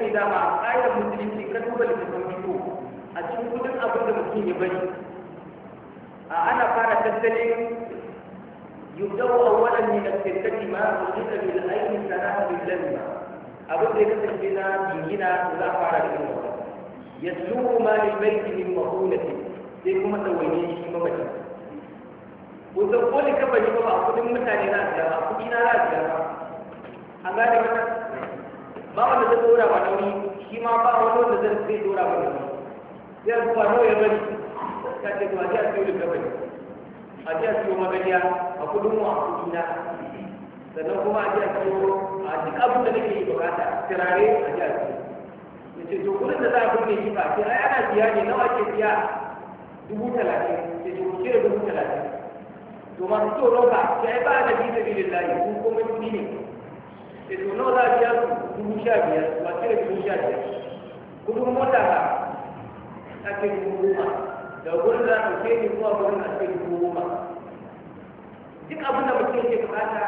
ce dama a ƙayar musulunci ka duba littafin fito a cikin kudin abin da mutum ya bari a ana fara tattalin yubdau awwalan min al-firqati ma da bil ayn sana'a bil lamma abin da ya kasance na jingina za a fara da yawa yasluhu ma lil bayti min mahulati sai kuma dawaye shi mamaci ko zan kole kabari ba a kudin mutane na da ba kudi na na da ba an gane wannan ba wanda zai dora ba nauyi shi ma ba wani wanda zai zai dora ba nauyi zai zuwa nauyi bari ka ce to a ji a siyo da bari a ji a siyo magariya a kudin mu a kudina sannan kuma a ji a siyo a duk abin da nake yi bukata turare a ji a siyo ya ce to kudin da za a kunne shi ba ce ai yana biya ne nawa ke biya dubu talatin ya ce ku cire dubu talatin to masu tsoron ka ce ai ba a da bi sabilillahi kun kuma ne sai to nawa za a biya su dubu sha biyar ba cire dubu sha biyar kudin mota ba a ce dubu goma da gurin za a ɗauke ni zuwa gurin a ce dubu goma duk abin da mutum ke bukata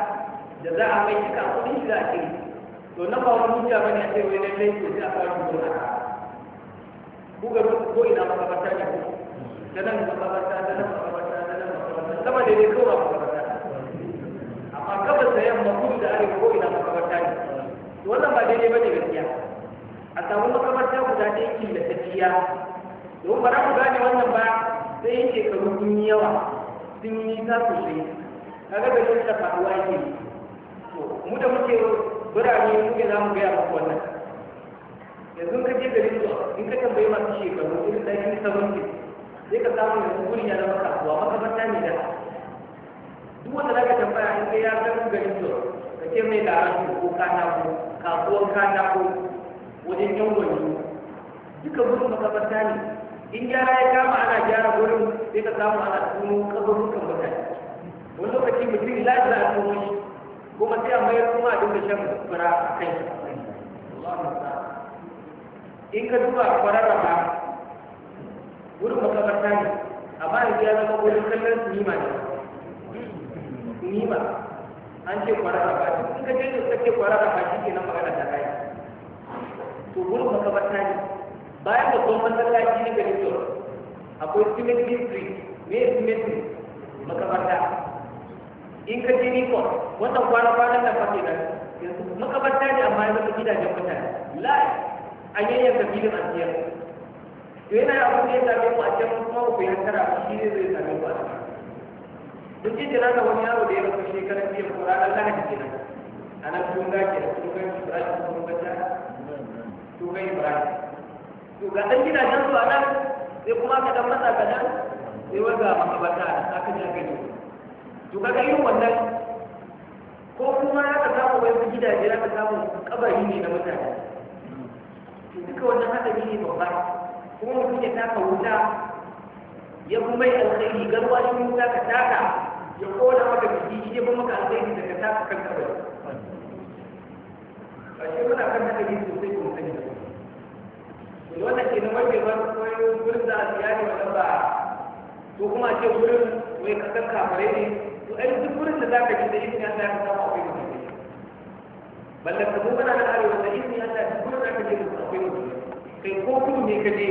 da za a mai duka kudin shi za a cire to na ba wani hujja bane a ce wai lallai to sai a fara dubu na ku ga ko ina makamata ne ko da nan makamata da nan makamata da nan makamata sama da dai kawai makamata amma gabas da yamma kudu da arewa ko ina makamata makabarta ne wannan ba daidai ba ne gaskiya a samu makabarta guda ɗaya killatacciya domin ba za ku gane wannan ba sai yin shekaru sun yi yawa sun yi nisa sosai kaga da shi faruwa yake to mu da muke birane muke za mu gaya muku wannan yanzu ka je garin zuwa in ka tambayi masu shekaru irin ɗari sabanci sai ka samu yanzu guri ya zama kasuwa makabarta ne da duk wanda za ka tambaya in kai ya san garin zuwa ka ce mai larabci katako kasuwan katako wajen yan wani duka gurin makabarta ne in gyara ya kama ana gyara gurin sai ka samu ana tuno kabarukan mutane wani lokaci mutum lafiya a tuno shi kuma sai a mayar kuma a dinga shan fura a kai. in ka duba kwararraba gurin makabarta ne amma yanzu ya zama gurin kallon sinima ne sinima an ce kwararra ba shi in ka ce suka ce kwararra ba ke nan magana ta kai to gurin makabarta ne bayan babban masallaci na gari to akwai cemetery street me cemetery makabarta in ka je nikon wannan kwana kwanan nan fake nan makabarta ne amma ya zama gidajen mutane lai an yayyanka filin a siyar to yana abin da ya same a can kuma ku fahimtar a shi ne zai same mu a can duk ji na ga wani yaro da ya rasu shekaran jiya ko ranar lahadi kenan a nan kun ga kenan kun ga ibrahim kun ga ta kun ga ibrahim to ga dan gidajen su a nan sai kuma ka dan masa ka nan sai wanda makabata a kan ya gani to kaga irin wannan ko kuma ya ka samu wani gidaje ya ka samu kabari ne na mutane to duka wannan hadari ne babba kuma mutum ya taka wuta ya kuma yi alkhairi garwa shi wuta ka taka ya kola maka biki shi ne maka alkhairi daga taka kan kabari a shi muna kan hadari sosai kuma sani da kuma wannan ke na wajen wani koyon gurin da asiya ne wannan ba ko kuma ce gurin wai kasan kafare ne to ai duk gurin da za ka ji da izini Allah ya samu akwai mutum balle ka mu mana nan arewa da izini Allah duk gurin da ka je da akwai mutum kai ko kudu ne ka je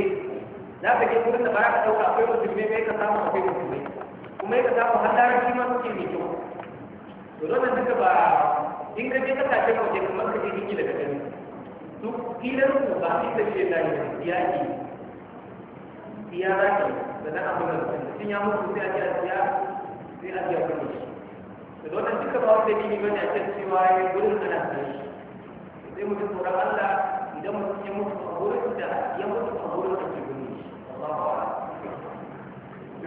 za ka je gurin da ba za ka ɗauka akwai mutum ne ka samu akwai mutum kuma yadda za ku hada shi ma suke mai kyau to dole duka ba in ka je ce kawai kamar ka je ingila da gani su filan ku ba su ita ce da ya ke ya za ke da na abu da sun ya mutu sai a ce a siya sai a siya kuma kuɗi to dole duka ba wanda gini bane a can cewa ya yi gudun ana siya shi sai mu ji tsoron Allah idan mutum ya mutu a gurin da ya mutu a gurin da ke gudun shi Allah ba'ala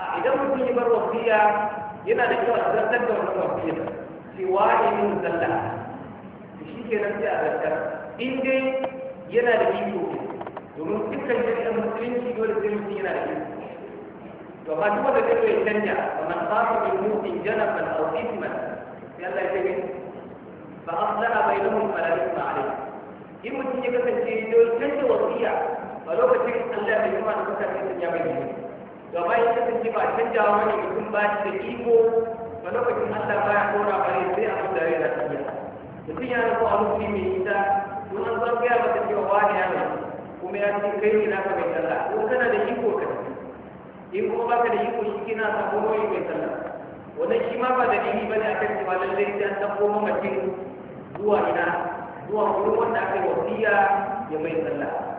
idan mutum ya bar wasiya yana da kyau a zartar da wannan wasiyar fi wani min zalla shi ke nan sai a zartar in dai yana da iko domin dukkan shari'ar musulunci dole sai mutum yana da iko to amma duk wanda zai ya canja wa man qafa min mu'min janafan aw ithman sai Allah ya ce fa aslaha bainahum fala ithma alayhi in mutum ya kasance dole canja wasiya a lokacin Allah bai kuma da kasance ya bayyana gaba ya kasance ba canjawa wani mutum ba shi da iko ba lokacin Allah ba ya kora ba ne sai abin da ya rasu ya mutum ya nufa a nufi mai nisa don an zan gaya masa cewa wani ya nufi kuma ya ce kai ne naka mai sallah ko kana da iko ka in kuma baka da iko shi kina samu nauyi mai sallah wannan shi ma ba da dini bane akan cewa lallai sai an tabo zuwa ina zuwa wurin wanda aka yi wasiya ya mai sallah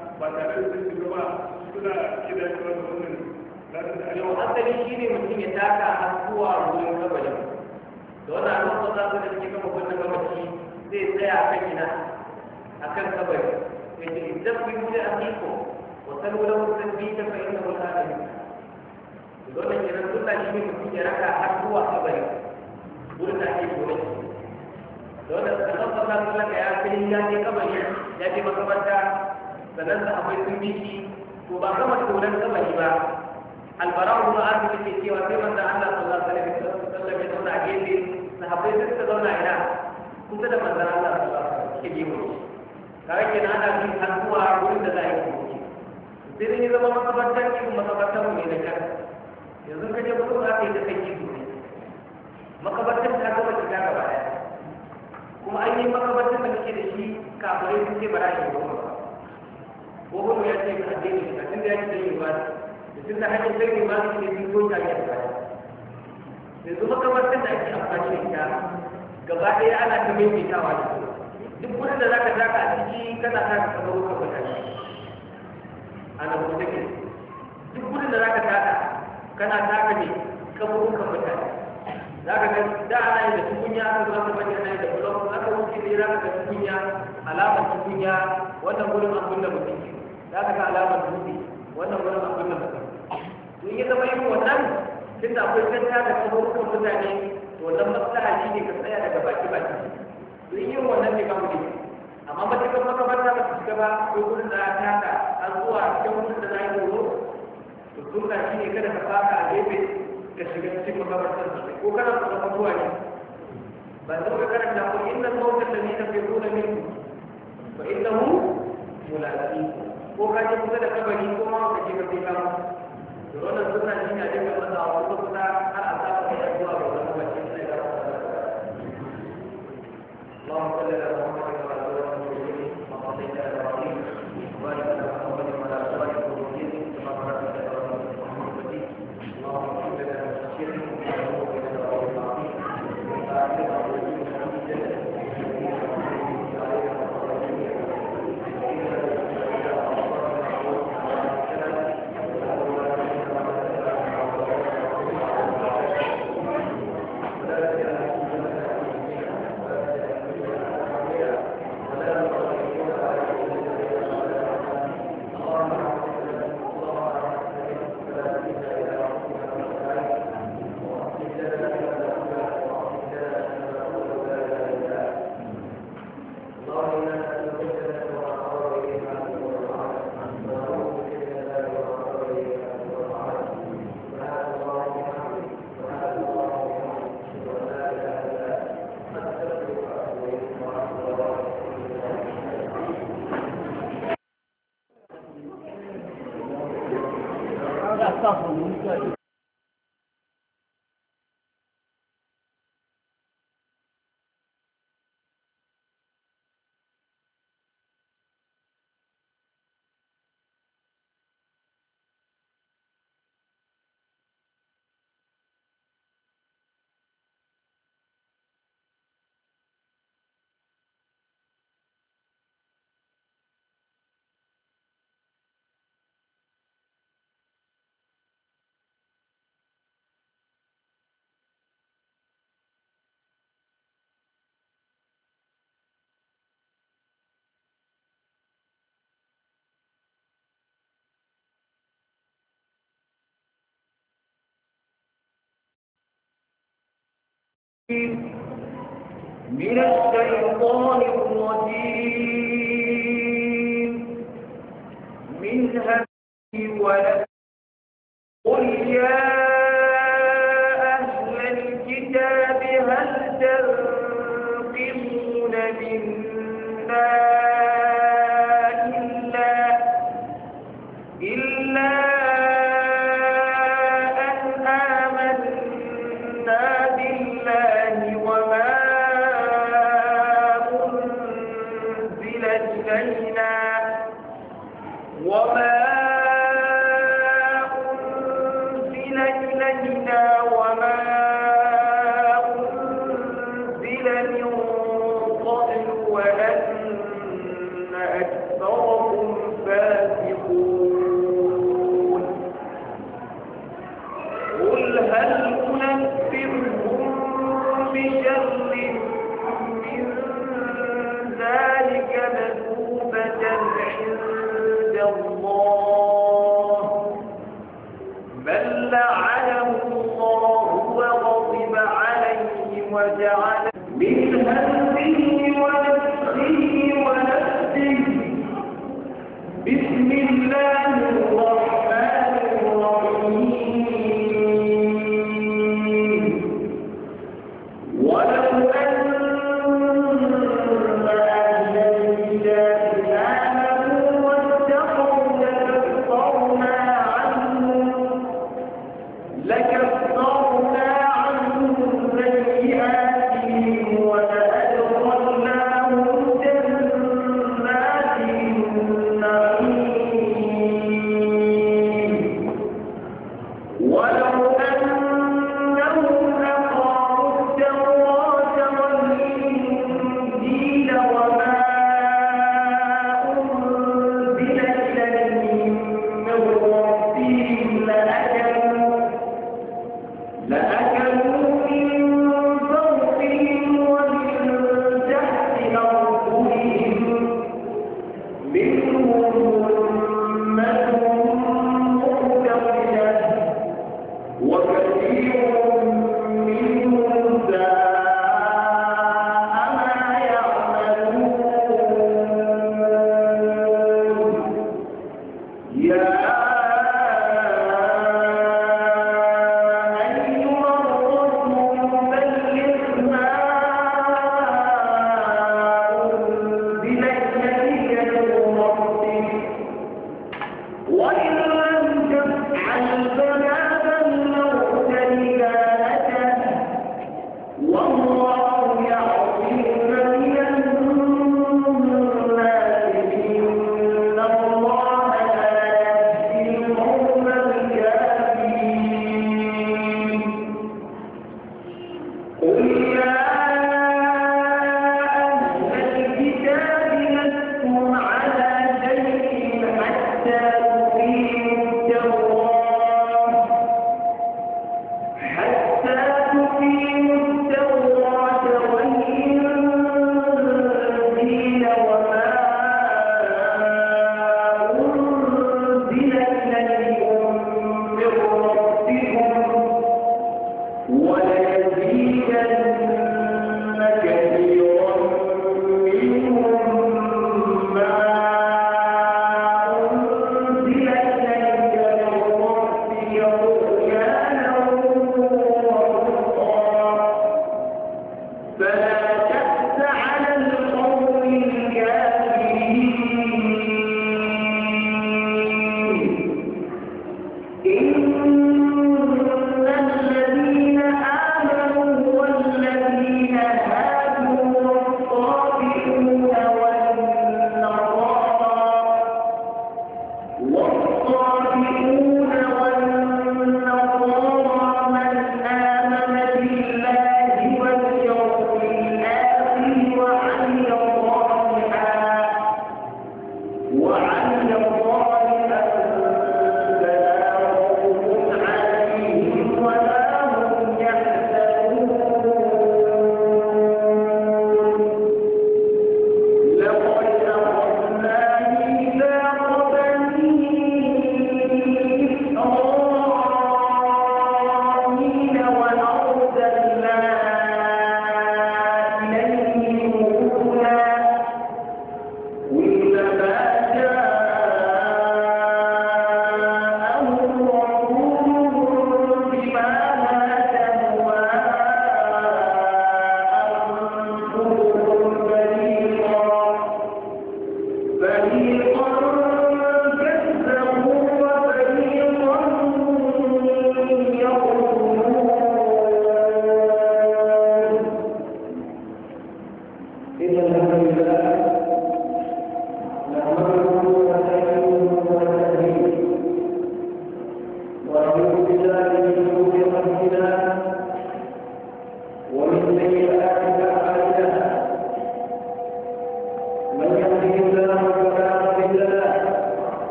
ba tare da sun shiga ba suna gida shi wata wannan yau asali shi ne mutum ya taka har zuwa wurin kabarin da wannan alwasa za su da suke kama wannan gabaci zai tsaya a kan gina a kan kabari ya ce idan kun ji a niko wasan wurin wata biyu ta fahimta wata da dole ke nan sunna shi ne mutum ya raka har zuwa kabari wurin da ake gore dole ka san sallah sallah ya kai ya kai kabari ya je makabarta sannan da akwai sun biki to ba gama tsoron yi ba albara kuma an cewa sai manzan Allah ya zauna a gefe sahabbai sai suka zauna ina kusa da manzan Allah ke kare ke na ana bin hannuwa wurin da za a yi kuma sai dai zama makabartar makabartar da kan yanzu ka je kuma za ka yi da kai kitu ne makabartar ta shiga gaba kuma an yi makabartar da kake da shi kafin sai ba za a yi kuma ba ko kuma ya ce ka addini ka tunda ya ce yi ba da tunda hanyar sai ne ba su ke bi ta yi ba yanzu makamantar da ake amfani da ita gaba ɗaya ana ta maimaitawa da duk wurin da zaka taka a ciki kana taka kamar wuka ba tashi ana ko take duk wurin da zaka taka kana taka ne kamar wuka ba tashi zaka ga da ana yi da tukunya aka zo aka bari ana yin da bulon aka wuce ne zaka ga tukunya alamar tukunya wannan wurin an kunna mutum za ka ga alamar dutse wannan wurin akwai mallaka to in ya zama yin wannan tun da akwai kanta da kaburukan mutane to wannan maslaha shi ne ka tsaya daga baki baki to in yin wannan ne babu ne amma matakan makamanta ba su shiga ba ko kuma da ta taka an zuwa cikin wurin da za a yi horo to sunna shi ne kada ka faka a gefe ka shiga cikin makamantar ko kana tsoron mutuwa ne ba zo ka karanta ko inna mawtan da ne ta fi nuna minku fa innahu mulaqikum ko ka je kusa da kabari ko ma ka je ka kai kama da wannan suna shi ne a jirgin masa a wasu kusa har a saba da zuwa ga wani mace ne da rafa da rafa. Allahumma salli ala Muhammad 诉您一个。من الشيطان الرجيم من همه ولد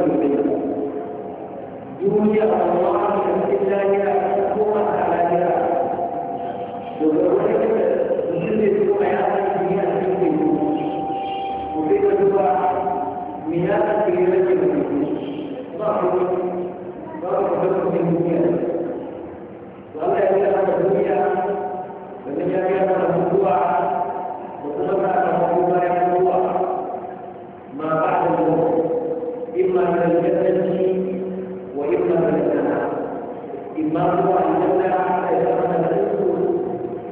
بالله يوجد الله بحمد الله هو على جاه وذلك يجلس حياته في أهله وكيف تبع مياه في رجله ظهر ظهر حكم المكان ولا يجعل الدنيا فمن يجعل الوضوع وتغفر إما من الجنة وإما من النار إما هو الجنة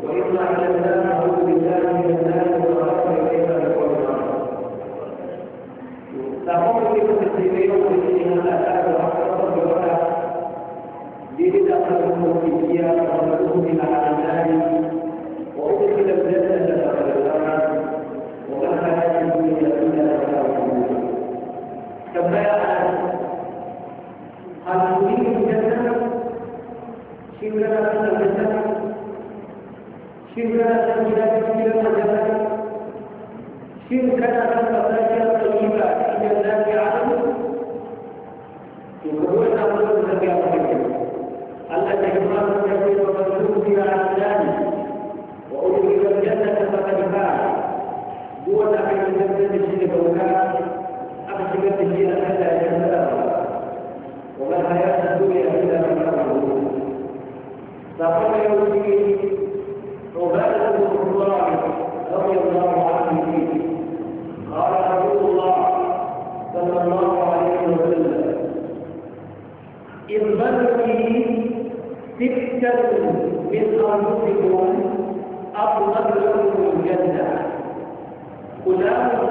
وإما إلى بالله من النار وأعوذ إليها من كل نار فهم المسلمين والمسلمين أتاكم حقا بولا لبدأ لهم في الدنيا وملوك على النار وأدخل الجنة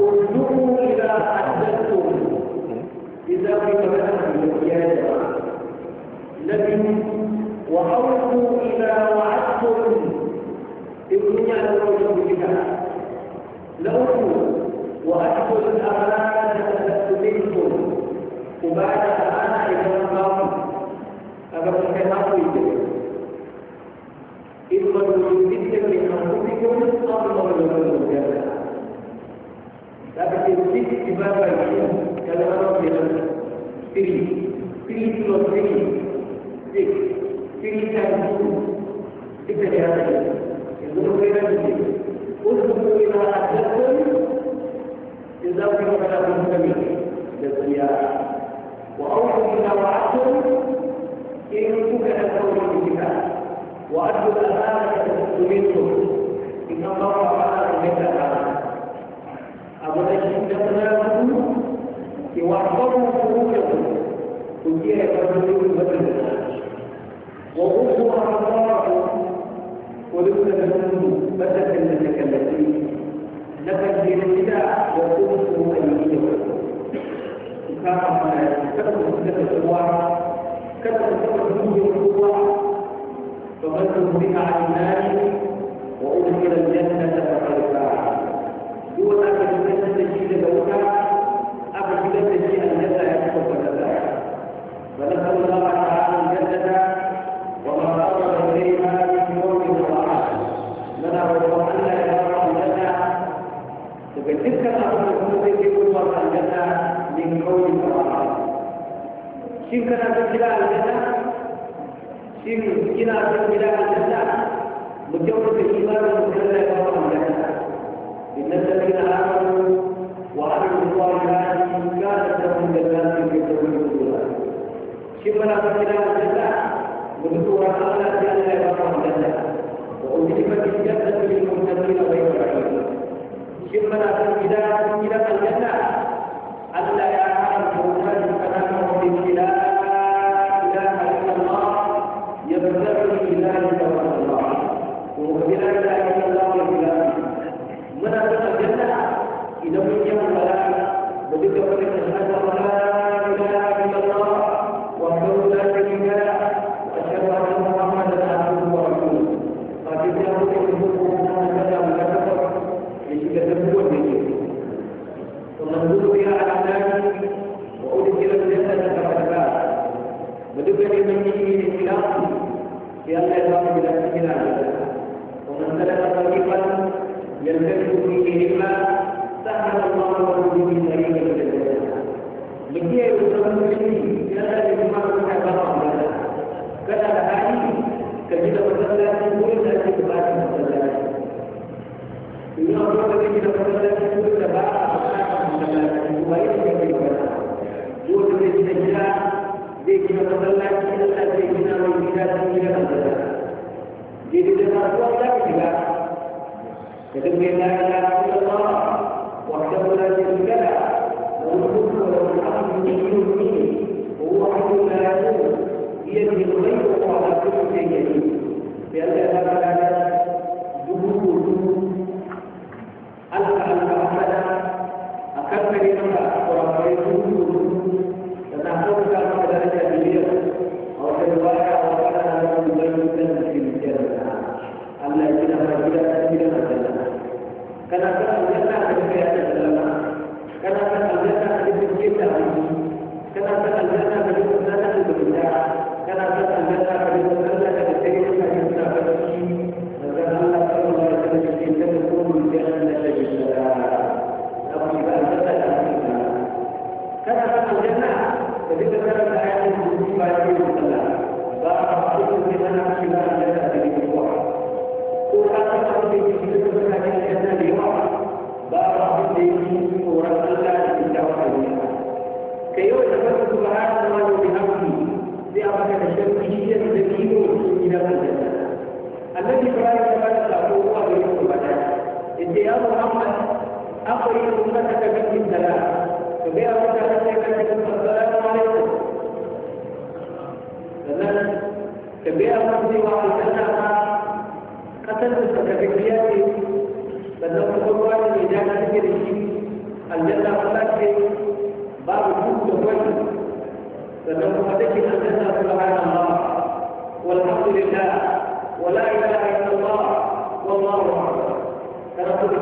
انظروا إذا حدثتم إذا كتبتم يا جماعة لبنوا وأوفوا إذا وعدتم ابنوا على الوجه بها لأوفوا وأدخل الأمانة تتبت منكم وبعد أنا إذا قام أبقى كهاوي إما تجدد من أنفسكم قبل أن لكن الست بابا يشوف كلام ربنا three three plus three six three times two six هذا يقول غير ذلك انظروا إلى أهلكم جزاكم فلا تهتمي للسيارة وأوفوا إلى وعدتم إن كنت أكثر من الكتاب وأدوا الأمانة منكم إن الله تعالى يتعلم أولئك تناموا وأحضروا فروجهم تجيه فروجهم مثلا وغضوا أعصارهم ولبس الهند بدت المتكلمين نفت بالابتداء وقلت أيديهم كما تكتب سنة الأوعى كتب سنة الأوعى فمنهم بها عن الناس وأدخل الجنة فقد فاعل يقول أبا جبت تجي لبوتا أبا جبت تجي الجنة يكتب الجنة فنسأل الله تعالى الجنة وما إليها من يوم وطاعة لنا وطاعة يرى الجنة فبتلك الأمر الذي يكون الجنة من قول وطاعة شن كان تجلى الجنة شن كنا تجلى الجنة مجرد الإيمان والجنة يرى الجنة إن الذين آمنوا وعملوا الصالحات كانت لهم جنات يكتبون الصلاة شبنا فتنا الجنة ونذكر أن الجنة يبقى الجنة وأذهبت الجنة للمتقين غير بعيد شبنا فتنا إلى الجنة ألا يعلم الإنسان كلامه بالكلام إله إلا الله يبتغي بذلك وجه الله وبذلك الله الكلام na kungiyar wala da duka wani kashe na wala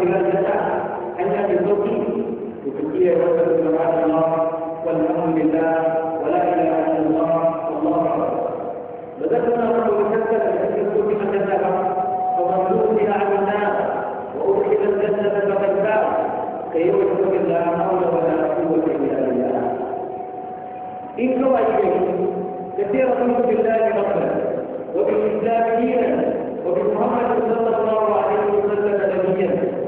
بلاد لنا أن بالتوفيق وتوفيق وصل سبحان الله والحمد لله ولا إله إلا الله والله أكبر بذلنا رب الجنة التي ختم جنبها فمن أوتي عن الناس وأدخل الجنة فقد فاز سيوفق لا حول ولا قوة إلا بالله إن كواجبه كثيرا منه بالله ربا وبالإسلام دينا وبمحمد صلى الله عليه وسلم نبيا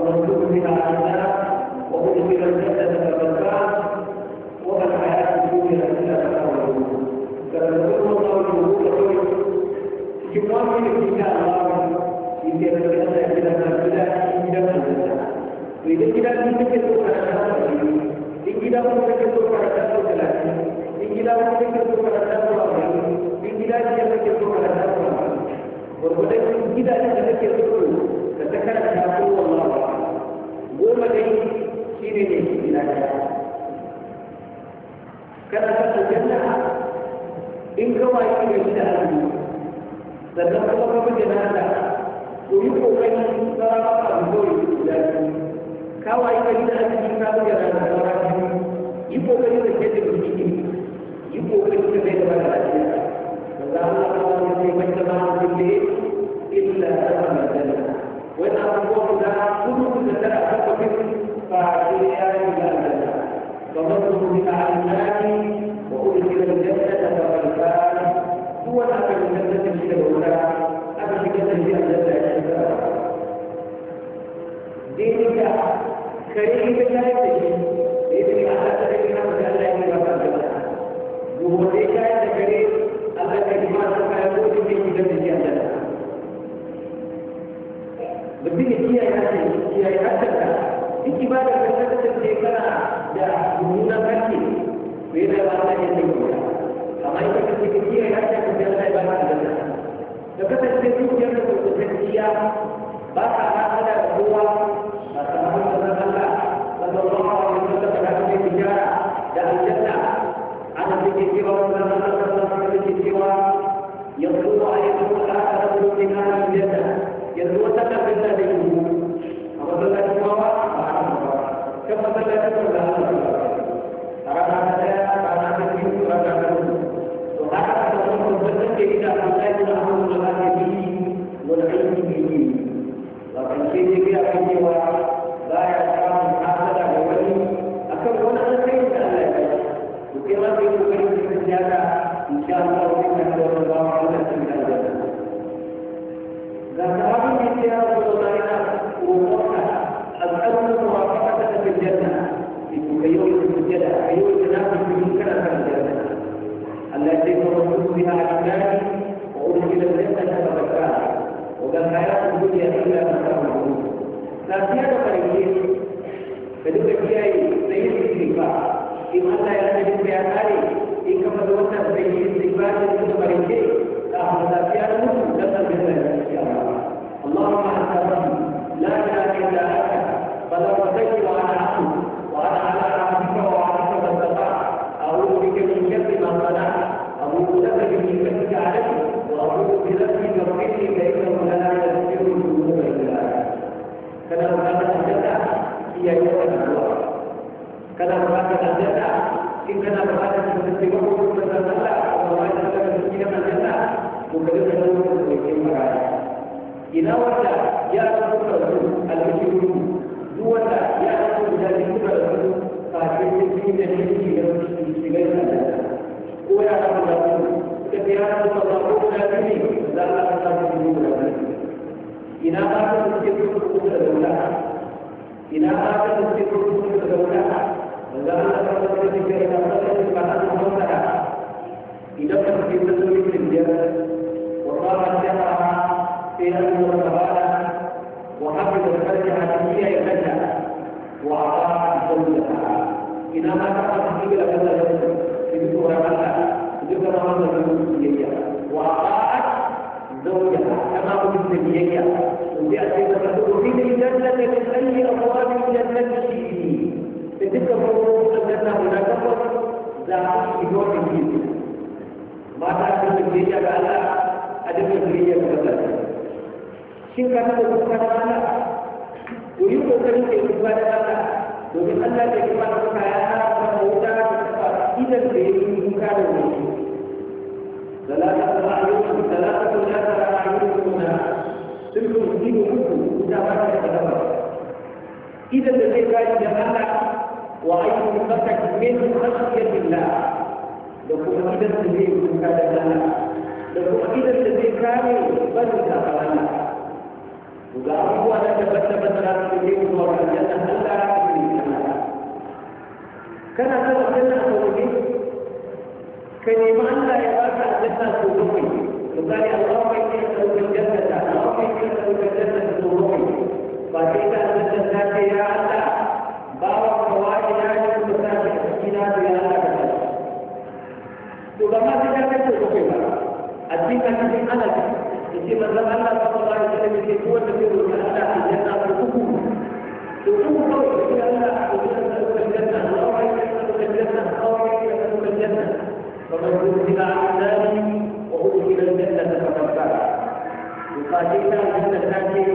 ومن تؤمن على الناس وأدخل الجنة فقد فاز وما الحياة الدنيا إلا متاع فلنقول قوله وقوله يقاتل ابتداء الله إن كان الجنة إلى ما ابتداء إلى ما ابتداء وإذا كلا من تكتب على الشهادة إن كلا من تكتب على الشهادة ثلاثين إن كلا من تكتب على الشهادة أربعين إن كلا من تكتب على الشهادة أربعين والملك إذا لم تكتب da ta karanta ko wallahu ba, goma dai shine ne ila da kana ta aljanna in kawai ne shi da azumi sannan kuma ka bude na to yi kokari sarrafa abu dole guda biyu kawai ka yi da azumi ka bude na da sarrafa yi kokari da duka kiyaye da yin istighfar in Allah ya sani da ya kare in ka fada wannan da yin istighfar da duka barke da Allah ya mutu da sabbin da ya اللهم انت ربي لا اله الا انت فلا تسجل على عبدك وانا على عبدك وعبدك ما استطعت اعوذ بك من شر ما صنعت اعوذ لك من شرك عليك واعوذ بنفسي برحمتك فانه لا يغفر الذنوب الا انت كما قال الجنه هي يوم kana bukatar aljanna in kana bukatar ka san cewa ko ka san Allah ko ma ka san ka cikin aljanna to ka dinga nan ko ka yi magana ina wanda ya san ka su alƙiru duk wanda ya san da shi ka su fa ke cikin da shi ke da shi ga aljanna ko ya san da su ka ya san da ko da shi da Allah ka san shi da ina ba ka cikin da ina ba ka cikin da لعلك تدرك إلى قدر بعد موتها إذا كنت في تسويق الجبل وصارت شرعها في أن وتبارك وحفظ فرجها هي يدها وأعطاها زوجها إذا ما تقرأت إلى كذا ذكر لها ذكر هذا المسلمية وأعطاها زوجها كما هو المسلمية وجاءت تقول في الجنة من أي الجنة شئت duka farko aljanna guda takwas za su shiga wannan gidi mata ta cikin ya ga ala a cikin ya ga ala. shin ka taɓa kuka da Allah to yi kokarin ka yi da Allah domin Allah da kuma da kuka ya tsara ta wuta ta kuma idan da ya yi kuka da wani ثلاثة أعين ثلاثة لا ta أعينكما ta الدين كله تبارك وتعالى إذا الذي قال إذا وعيبتك من خشية الله لكم إذا الذي كان لنا لكم إذا الذي كان بنت لنا وقالوا أنا تبت مثلا في دور الجنة ألا كان هذا الجنة سوري كان يمان يبقى الجنة سوري وقال الله إني أسألك الجنة اللهم إني أسألك الجنة سوري فإذا أنت يا الله كتاب إلى أن أكتب يبقى ما تكتب تكتب الدين كتب أنا يجي من ذنب الله صلى الله عليه وسلم يجي هو تكتب من أنا في الجنة في الحكم الحكم قوي إلى أن أكتب الجنة أو يكتب الجنة أو يكتب الجنة فمن أدخل عذابي وأدخل الجنة فقد فعل وقاتلنا الجنة الثانية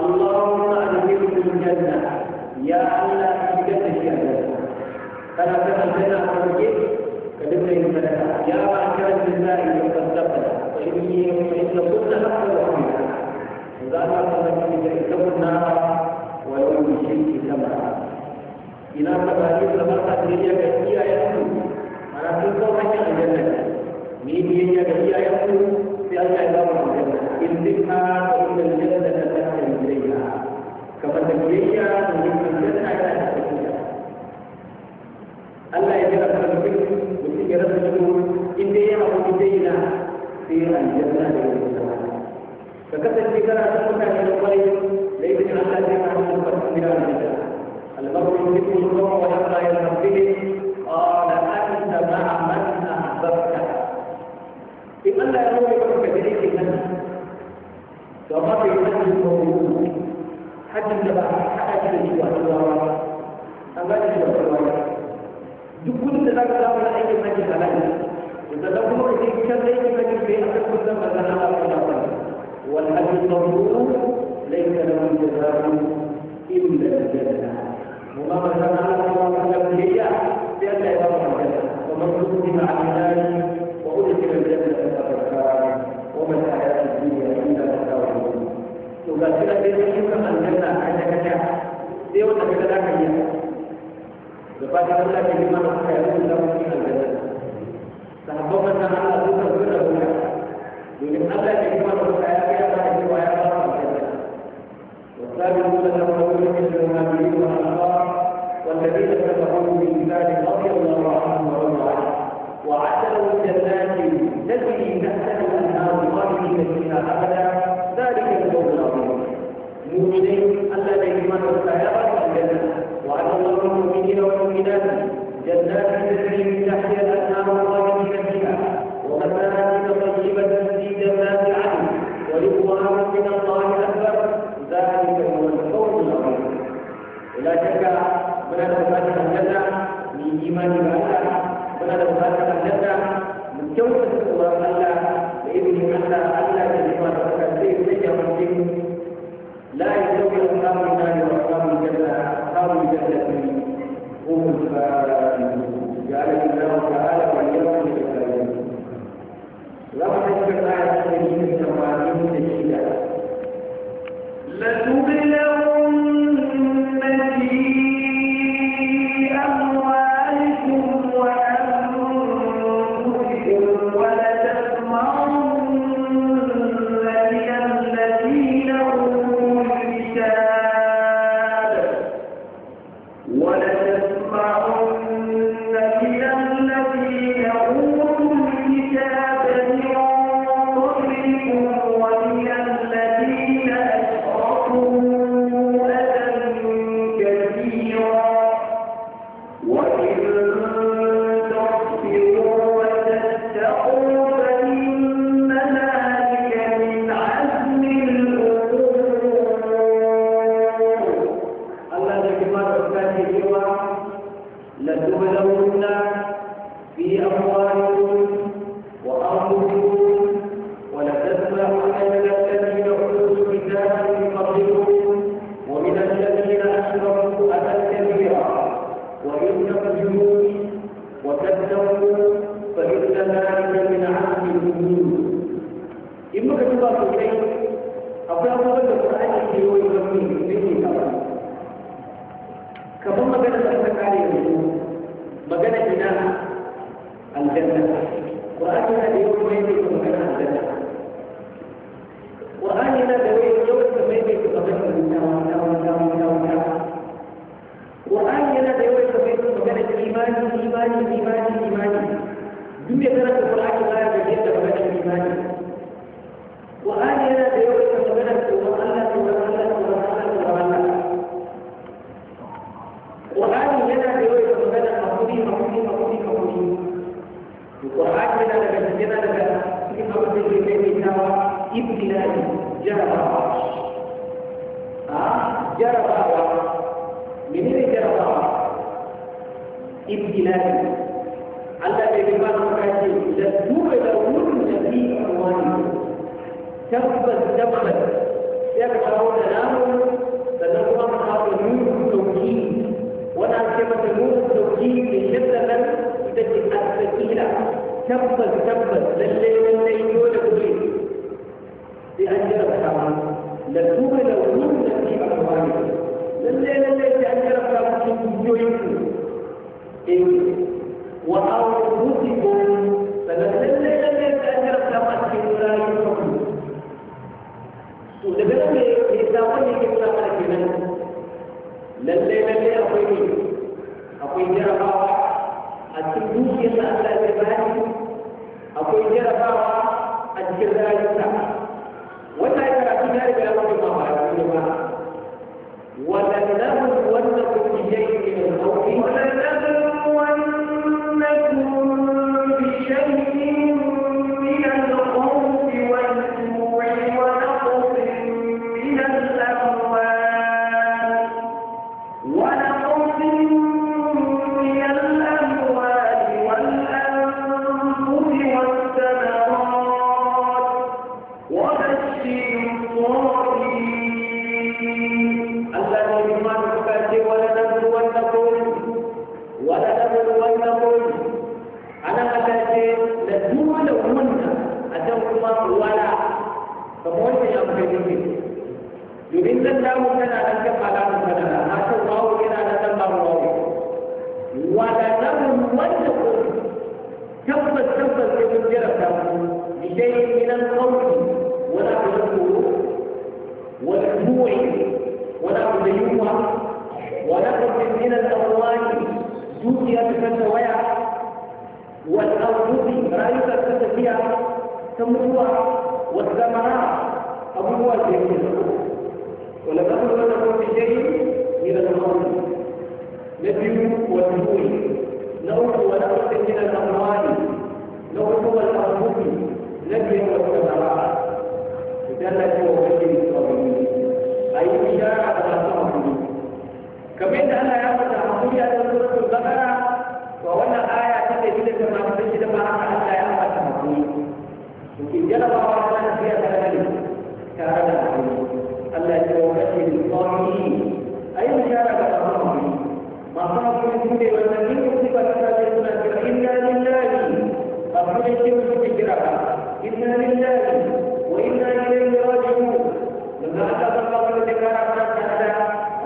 اللهم أدخلني الجنة يا الله في جنة الجنة فلا تكن لنا فرجك كذبنا لك يا معشر النساء يتصدقن فإن كن أكثر منها وقال الله لتكن ولو بشرك ثمرة إلى تبارك لما تدري كثيرا يكون أنا كنت أحكي عن الجنة مين هي كثيرا يكون في أجل الله الجنة إن ذكرى فإن الجنة تحت رجليها كما تقولي يا من الجنة Allah ya jira ka da kai mutum ya rasa shi in dai yana ko dai yana sai aljanna da mutum ka kasance kana da mutane da kwai da yake Allah ya ka da mutum da aljanna المرء يحب الله ويرضى لربه قال انت مع من احببت ان الله يروي لك بذلك النفس وما في النفس حتى تبعك zaka za mu aikin haji halali da da kuma kai kan aikin haji bai aka kunta manzon Allah sallallahu alaihi wasallam wal haji mabrur laysa lahu jazaa'u illa al-jannah وما مثلا على الله وسلم هي بأن يضرب الجنة ومن قدم على النار وأدخل الجنة فقد كان وما الحياة الدنيا إلا متاع الغرور. تقاتل بين الجنة الجنة عندك جاه. دي وانت كذلك kepada Allah yang dimana saya itu dalam kita berada. Sahabat dan Allah itu berbeda beda. Dengan Allah yang dimana saya kita ada di wayang Allah berada. Wassalamu alaikum warahmatullahi wabarakatuh. والذين كفروا من عباد رضي الله عنهم ورضوا عنه وعدلوا جنات تجري تحتها الانهار خالدين فيها ابدا ذلك الفوز العظيم مؤمنين الذين من الخيرات الجنه وأدخل المؤمنين والمؤمنات جنات تجري من الأنهار خالدين فيها ومساكن طيبة في جنات عدن ورضوان من الله أكبر ذلك هو الفوز العظيم ولا شك من الأوقات الجنة من إيمان بالله من الأوقات الجنة من جودة الله بإذن الله ألا كلمة تكفيه لا يستوي أصحاب النار وأصحاب الجنة أصحاب الجنة هم الفائزون جعل الله تعالى وليكن الفائزين لقد كان في الثمانين وهكذا نبدأ لك في قبل الجنين نوى ابتلاء جربا جربا من اين جربا ابتلاء الذي بمعنى مكاتب لتوب لهم في أموالهم تبت تبت يكترون لهم فلهم أصحاب نور التوكيد وأنا كلمة نور التوكيد من شدة تجد الثقيلة تفضل تفضل للي للي يقول لي لأجل الحرام لتوب لو نور نبي أخواني للي للي تأجل الحرام يقول لي وأرزقكم فللي للي تأجل الحرام يقول لي وتبقي في ساقني في ساقك إيه؟ من للي للي أخويني أخوي جرى أتبوك يا الله لباني akwai jarabawa a cikin rayuka wannan ya karatu na riga wani mamaki ba wannan namun wannan kuma yayi ne da sauki wannan namun lamu tana nan kan ba lamu tana nan a kan wawo yana nan kan ba wawo wala lamu wanda ko tabbas tabbas sai mun jarabta mu dai min al-qawli wala tadkuru wala huwa wala tadayuwa wala min al-awwali dukiya ta tawaya wal awdubi rayuka ta tafiya ta mutuwa wal zamara abubuwa da yake ولم أكن لكم بشيء من الخمر نبي والنبوي نوح ونقص من الأموال نوح والأنفس نبي والسماوات دلت وبشر الصابرين أي بشارة على صبرهم كما أن أنا يا فتى حقولي أن سورة البقرة وأنا آية تدري لما تشهد معك حتى لا يعمل حقولي وفي جلب الله فيها ثلاثة كهذا الحقولي التي توحده الطاعين أي مشاركة الطاعين مصاب من كل والذي كتب لنا إنا لله فخرج الفكرة إنا لله وإنا إليه راجعون لما أتى الله الذكر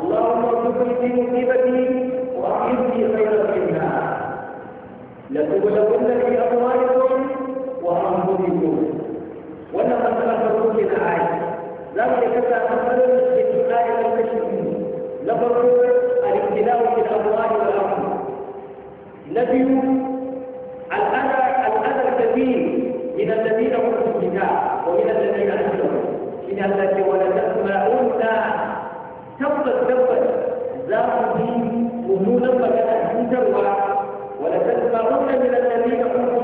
اللهم ارزقني في مصيبتي وأحيي خيرا منها لتبلغن في أمر ذلك كذا مثل للدعاء لفظ الابتلاء بالاموال والارض نبي الاذى الاذى الكثير من الذين هم في الكتاب ومن الذين اشركوا من التي ولتسمعن تبت تبت ذاك دين وجودا فكانت تروى ولتسمعن من الذين هم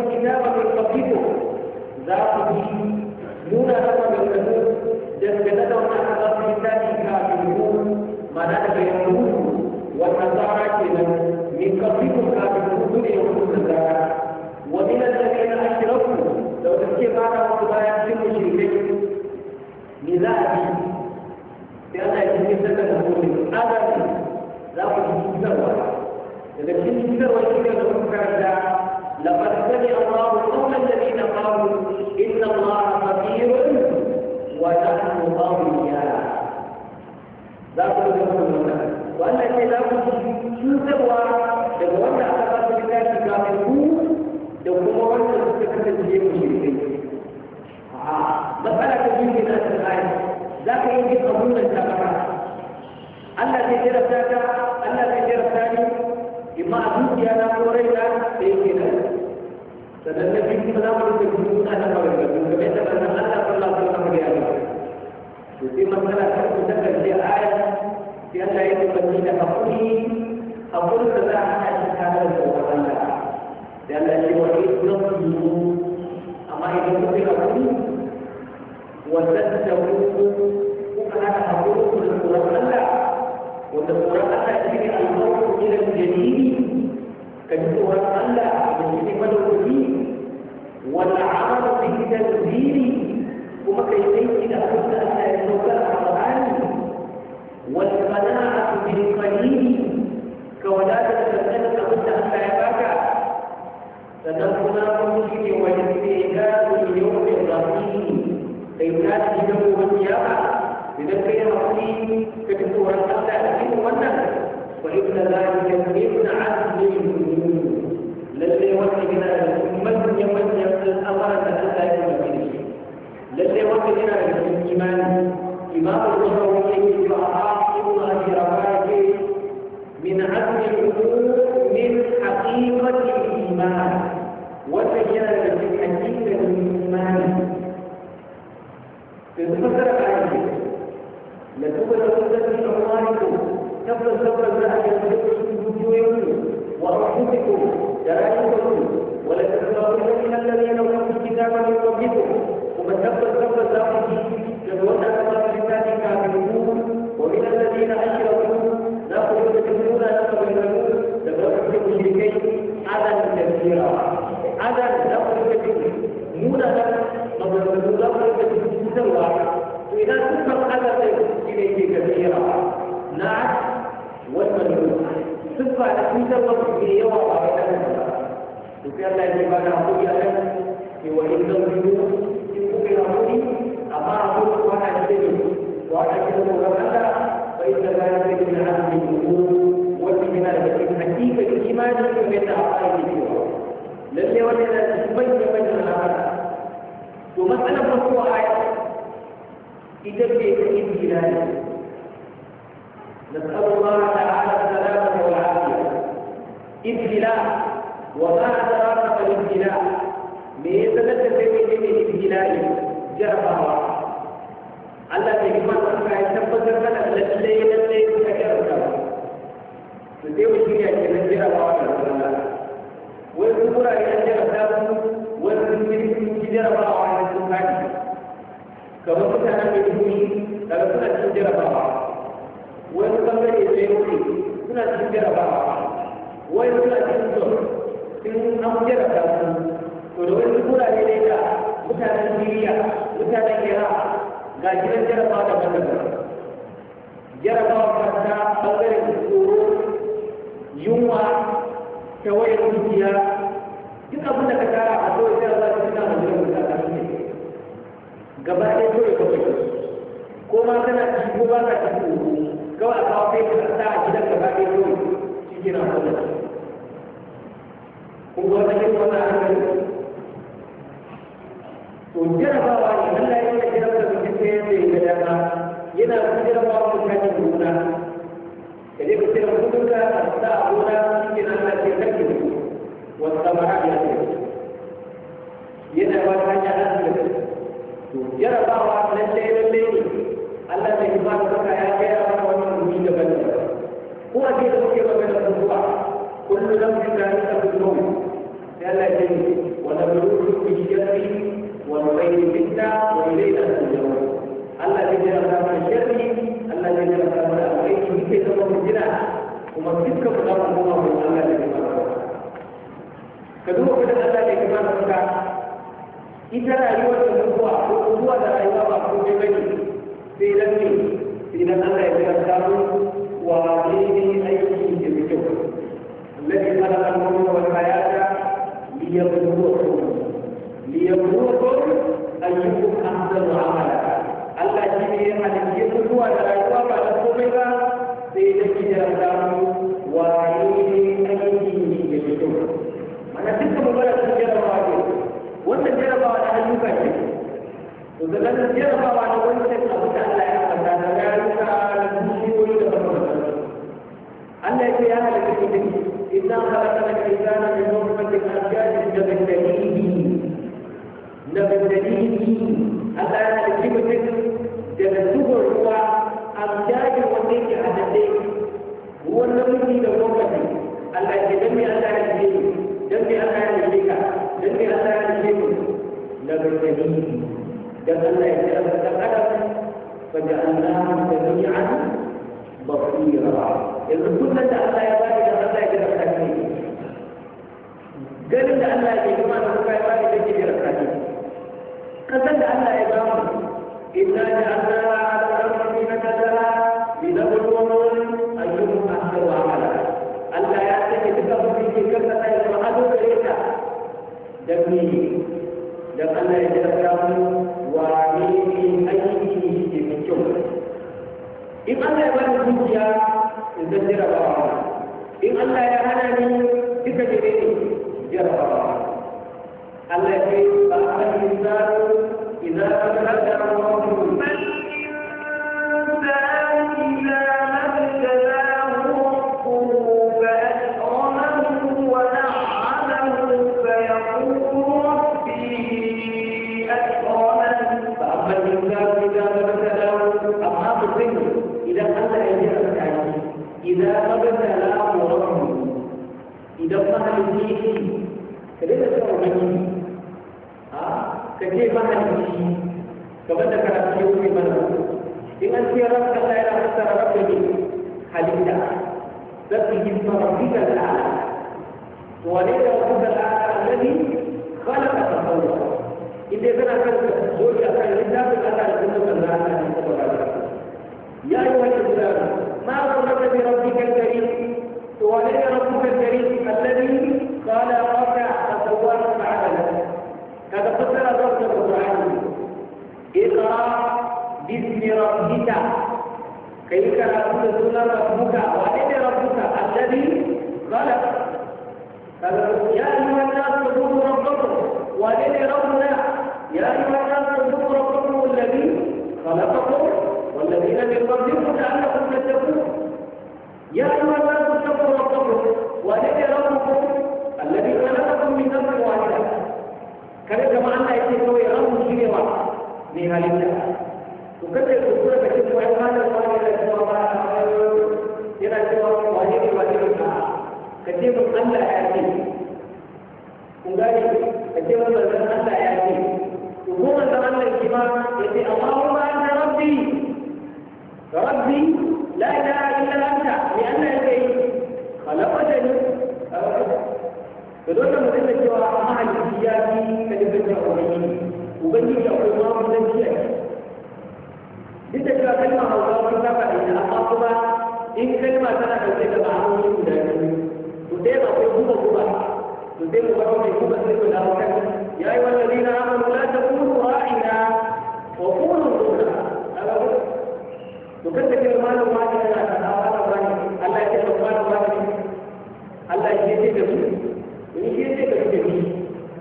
ذلك من عزم الأمور للي وحدنا من يمن يمن الأمر الذي لا يمكنه للي وحدنا الإيمان إمام النووي فأعاقب أجرابك من عزم الأمور من حقيقة الإيمان وتجارة حقيقة الإيمان في تذكر آية لتبلغن من أموالكم كبرا كبرا لها يملككم وجوهكم وارحمكم جرائمكم ولا تتبعون من الذين اوتوا الكتاب من قبلكم ومن كبر كبر ذاته يدعون على ذلك كافرون ومن الذين اشركوا لا يؤمنون لا يؤمنون تبعون المشركين عددا كثيرا عددا لا يؤمنون نونا لا يؤمنون لا يؤمنون فإذا تكبر عددا إليه كثيرا نعم والممنوع صفة في يوم وعيدنا وفي الله لك وإن تنبيو تبقى الأمر أما أقول وأنا أجدني وأنا فإن ذلك من عزم الأمور والإيمان لكن حقيقة الإيمان من أعطائه الكبرى لن يولد أن تبين ومثلا فهو آية إذا بيت نسأل الله تعالى السلامة والعافية ابتلاء وما أدراك ما الابتلاء ليتلك سبيل من ابتلاء جربها Allah ta yi masa ka yi tabbatar mana lalle lalle ka kyauta to sai mu shirya ke nan jira ba wannan sallah wai sun kura ne an jira ta su wai sun yi sun ci jira ba wannan sun kaji kamar mutanen mai dubu daga suna cin jira ba wani bangare sai wuri suna cikin jarabawa wai suna cikin zon sun an jarabta su to da wani kurare ne da mutanen siriya mutanen iraq ga gidan jarabawa da bangare jarabawa kanta bangaren tsoro yunwa ta wayar dukiya duk abin da ka tara a kawai jarabawa ta suna da jirgin kasa ne gaba ɗaya kawai kawai ko ma kana ciki ko ba ka ciki kawai a kawo kai ka sa a gidan ka ba kai kawai shi ke na wannan kun ga wannan yin wannan hankali to jarabawa ne Allah ya yi jarabawa da mutum sai yadda ya ga dama yana kuma jarabawa da kashin gona ka je ka tsira kudin ka a sa a gona shi ke na Allah ke kashe ku wasu samara ya ce yana ba ta hanya hankali to jarabawa lallai lallai ne Allah zai ba ka ya kai a wannan هو الذي ذكر من الرفوع كل ذنب ذلك بالنوم لا جن في بالشر والخير منا والينا ترجعون الذي جعلنا من الشر الذي جعلنا من الخير بكيف ومجنا ومن تلك من الله من الله الذي كذوب من الله الذي بارك إذا لا يوجد الرفوع والرفوع لا يوجد في بيته في لمنه في لمن الله يتكلم وعليه أيدي بالجوع الذي خلق الموت والحياة ليبلوكم ليبلوكم أيكم أحسن عملا Allah shi ne ya halitta mutuwa da rayuwa ba da komai ba sai da ke da samu waye ne aiki ne da fito. Mana duka magana sun jarabawa ne, wannan jarabawa da ayyuka ce. To da nan jarabawa da wancan abu da Allah ya إنا خلقنا الإنسان من نطفة الأمجاد نبتليه نبتليه الآن لجبتك جلسوه هو أمجاد وتيك أهديك هو النبي لنطفة التي لم يأتها الجيل لم يأتها الجيل لم يأتها الجيل نبتليه جمع الله يتأمل فجعلناه سميعا بصيرا اذا كنت انت الله يا بابي اذا الله يجب ان تكفي قال انت الله يا جماعه الله يا بابي تجي في ركعتي قال انت الله يا بابي انا جعلنا على الارض فينا كذا لنبلوهم ايهم احسن عملا الا ياتيك تفهم في كلمه يا جماعه تقول ايش dan Allah ya jarabta mu wane ne aiki ke mai kyau in Allah ya bani dukiya in zan jarabawa in Allah ya hana ni duka jere ne jarabawa Allah ya ce ba a kan insanu idan ka zarta Allah ya ce mahaifi a ka ce mahaifi kamar da karatu ya kuma mana in an ce ran Allah yana fassara rabbi ne halitta rabbi himma rabbika al'ala wane da rabbuka al'ala alladhi khalaqa tasawwa inda kana kan zuri akan littafin Allah da kuma sannan Allah ne kuma يا أيها الإنسان ما غرك بربك الكريم ومن ربك الكريم الذي قال رافع تزوجت عبدا كذا فسر ذلك القرآن اقرأ باسم ربك كيف لا تقول ربك وأين ربك الذي خلق يا أيها الناس اعبدوا ربكم وأين ربنا يا أيها الناس اعبدوا ربكم الذي خلقكم والذين من قبلكم لعلكم تتقون يا أيها الناس اتقوا ربكم وأين ربكم kada gama Allah ya ce kawai ramu shi ne wa mai halitta to kada ya kuskura ka ce ko ai ma da wani da cewa ba yana cewa wani ne wani ne ka ka ce mun Allah ya ce kun gane ka ce mun Allah ya ce to ko manzon Allah shi ma ya ce Allahumma anta rabbi rabbi la ilaha illa anta ya Allah ya ce khalaqatani da dole mu dinga cewa amma aliki ya fi ka dinga cewa ubangiji ubangiji akwai ma mu zan ciye duk da cewa kalma hausa wani saka da ita amma kuma in kalma tana ɗauke da ma'anoni guda biyu to ɗaya ba akwai guba guba to sai mu bar mai guba sai mu dawo kan ya yi wallazi na amanu la takunu ra'ina wa kunu qula to kada ke malam ma ne yana da hawa da wani Allah ya ce malam ma ne Allah ya ce da su in shi ce ka ce ni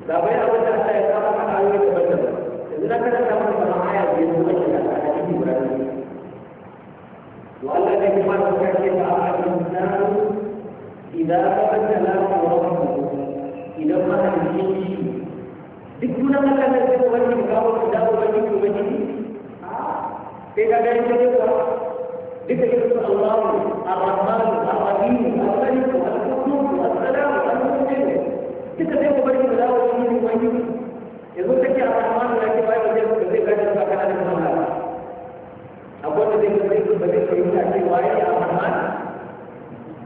ba bai abin da Allah ya kama ka ayoyi da bata ba yanzu na kana samun kamar aya biyu ko wacce da ka hadisi guda biyu to Allah ne kuma ta kace ba a insan idan ka bata la ko rabbu idan ma ka ji duk kuna Allah ne ko wani kawo da wani ko wani sai ka gani ta ce ذكر الله الرحمن الرحيم الملك القدوس السلام duka zai kuma yi da wani yin wani yanzu take a rahman da ke bayar da zai gani ba kana da kuma a wanda zai kuma yi ba zai fahimta cewa ya yi a rahman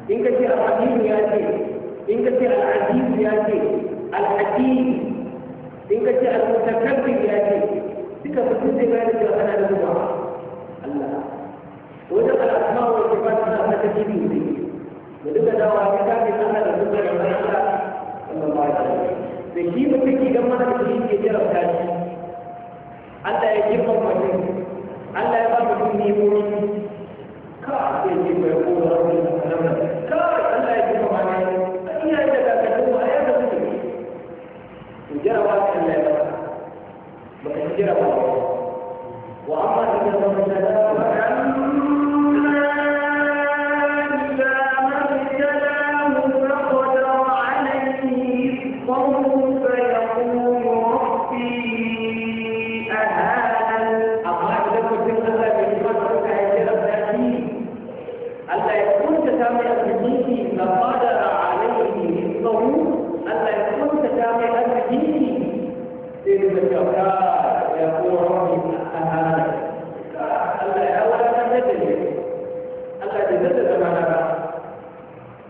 in ka ce al-rahim ya ce in ka ce al-aziz ya ce al-hakim in ka ce al-mutakabbir ya ce duka mutum zai gani da kana da kuma Allah wajen al-asma wa sifat na ta tafi ne da duka dawa ya kafe Allah da duka da Allah sallallahu alaihi wasallam da shi mutum idan mana da shi ke jira ta shi Allah ya girma mutum Allah ya ba mutum nemo ka sai ce bai ko da wannan ka Allah ya girma mana iya da ka ka duba ya da su jira wa Allah ya ba ba jira wa wa amma idan mutum ya da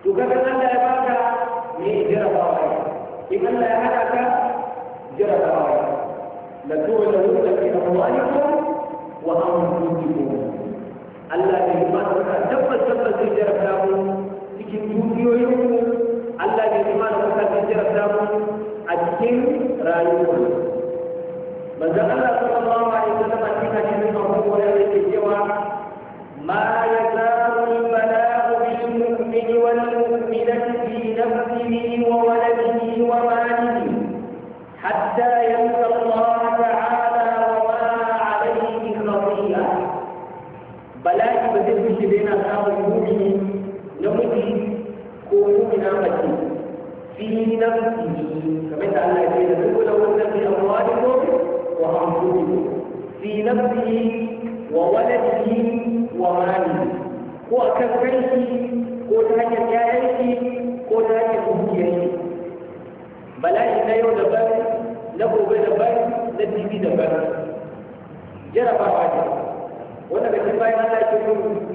to kaga Allah ya baka ne jarabawa in Allah ya hada ka jarabawa la tu'lamu fi amwalikum wa anfusikum Allah ne ba ka tabbas tabbas zai jarabta mu cikin dukiyoyin mu Allah ne ba ka zai jarabta mu a cikin rayuwar manzo Allah sallallahu alaihi wasallam cikin hadisin Abu Hurairah yake cewa ma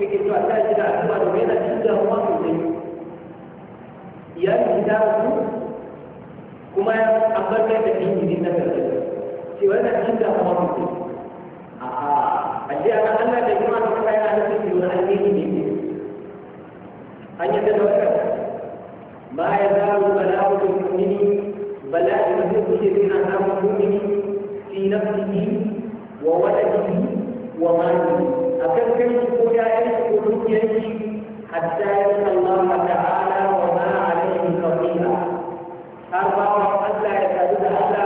yake cewa ta shi da addu'a da yana cikin damuwa sosai iyali ta su kuma an bar kai da jinjiri na karfi ce wannan cikin damuwa sosai a ce ana Allah da kuma da kuma yana nufin cewa alheri ne an yi da daukar ba ya zaru bala'u da mu'mini بلاء المسلم من أنه مؤمن في نفسه وولده أكن كنت كجاهل قلوب يمشي حتى إن الله تعالى وما عليه خطيئة أربعة حتى يسألون على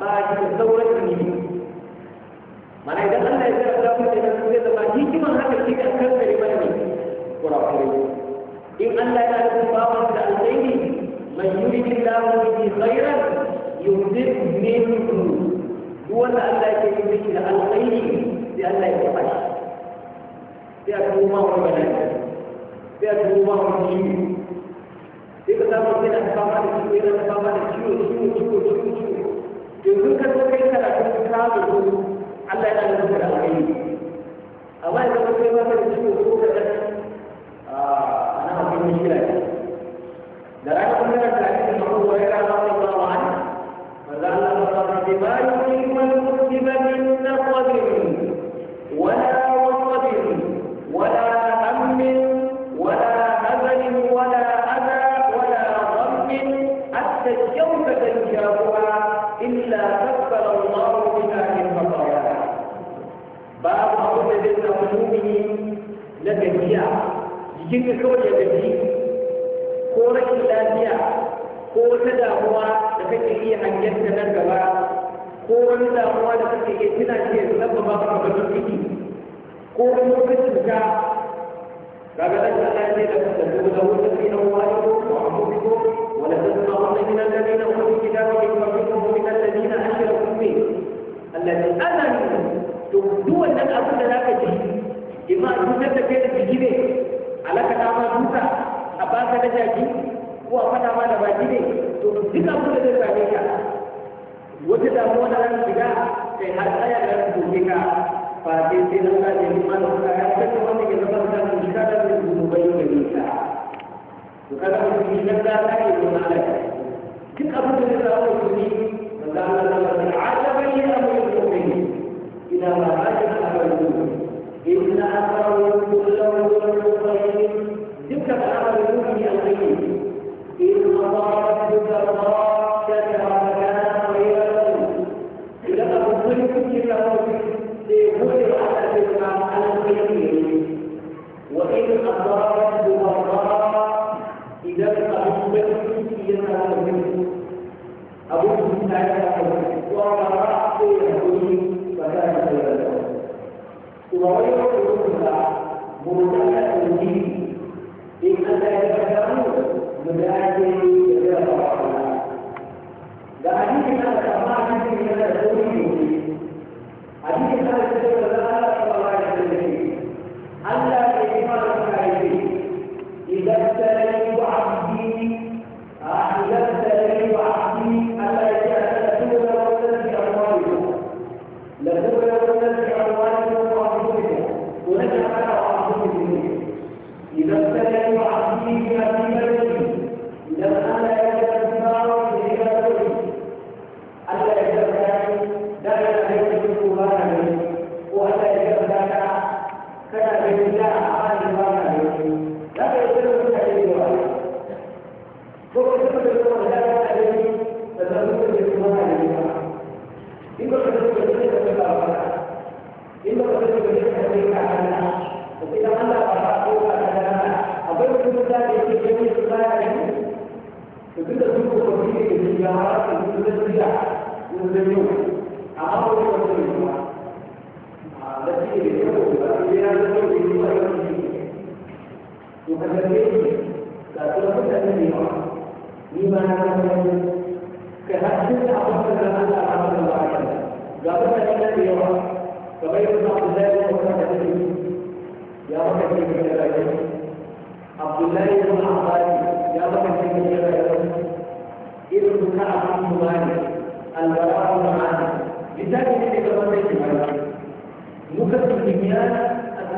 ما يتصور منه mana idan Allah ya tsara da mutum da zai zama hikiman haka shi kan kan da riba ne kurakuri in Allah ya nufin bawan da alkhairi man yuridu Allahu bihi khairan yudib minhu duk wanda Allah ya yi miki da alkhairi sai Allah ya kafa shi sai a kawo ma wani bala'i sai a kawo ma wani ciwo sai ka samu sai na fama da ciwo yana fama da ciwo ciwo ciwo ciwo ciwo yanzu ka zo kai karatun ka da su Allah yana da da alƙairi amma idan ka kai maka da ciwo ko ka dan a ana akwai mishkila ne da ranar kuma da ta ce ma ko wai rana ta ba wa ne maza Allah ta ba ta ce ba yi kuma kuma min naqabin wala يشربها إلا كفر الله بها من خطاياها باب أقول لذلك قلوبه لبهيا jikin kawai ya gaji ko rashin lafiya ko wata damuwa da kake iya hangen ta nan gaba ko wani damuwa da kake iya ka ko wani ka kaga nan da Allah ne da kuma da wuta fi nan wani ko amma ko wala tasma'un na alladhina utul kitaba wa yufarriqu min alladhina ashraku bi anan to duk wannan abin da zaka ji imma da kai da jiki ne alaka ta ma duka a baka da jaki ko a fada ma da baki ne to duk abin da zai same ka wata damuwa da zan shiga kai har tsaya da gobe ka فاتيتي لله لمن وكانت ومن يتبرد من شلل الذنوبين والنساء وكان في شلل لا يكون عليك كيف أبدا لله المسلمين فقال الله من عجب إلى أمر المؤمنين إلى ما عجب أمر المؤمنين إن أمره كله خير ذكر أمر المؤمن الخير إن أطاعت ذكر berbagai satu dan lima. Lima yang kehadiran Allah dalam dalam dalam Gabung dengan lima. Kemudian Abdullah bin Umar dari Ya Allah kita berada Abdullah bin Abbas Ya Allah kita berada Ibnu Ka'ab bin Malik Al-Bara' bin Malik Kita ini kita berada Muka dunia,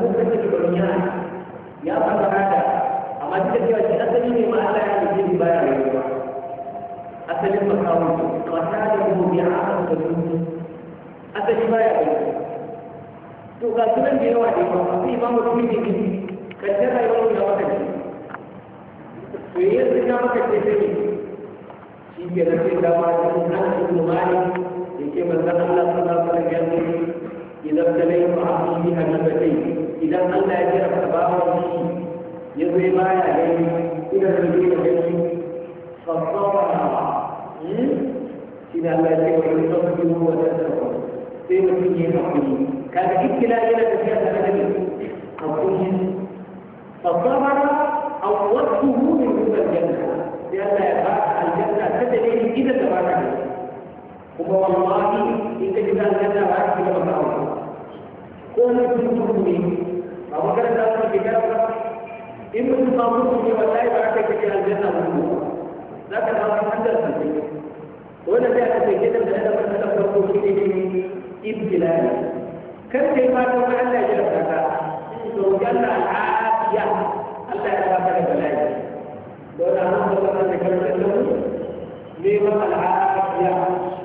muka dunia, ya apa berada? amma duka cewa shi asali ne ma Allah ya yi shi baya rayuwa asalin makawo ne kawata da kuma biya a kan da dundu asali baya rayuwa to ga sunan da yawa ne ba su yi ba mu tuni ne kiji karshen rayuwar ya maka ce to yi yanzu ya maka ce sai ne shi ke da sai dama da kuma an shi lumani da ke manzan Allah sallallahu alaihi wa sallam idan talai ba a cikin annabatai idan Allah ya jira ba ba shi يبني معي يعلم إلى الذين يعلم فالصبر إذا الله يقول تصبر وتتقى سيما فيه نحن كان ابتلاء إلى تسيئة الأدب قوله فالصبر أو وقته من قبل الجنة لأن يقع الجنة تدري إذا تبعت وما والله إن تجد الجنة وعدت إلى مكانه قوم كنتم مني فهو كان ذلك الكتاب in mun ba mutum ne wallahi ba ka kake aljanna ba za ka ba ka hanta su ne wanda zai ka take da da da da farko shi ne ibtilai kar kai fata ma Allah ya yarda ka to janna al'afiya Allah ya baka da bala'i don Allah ya baka da kalmar ne ma al'afiya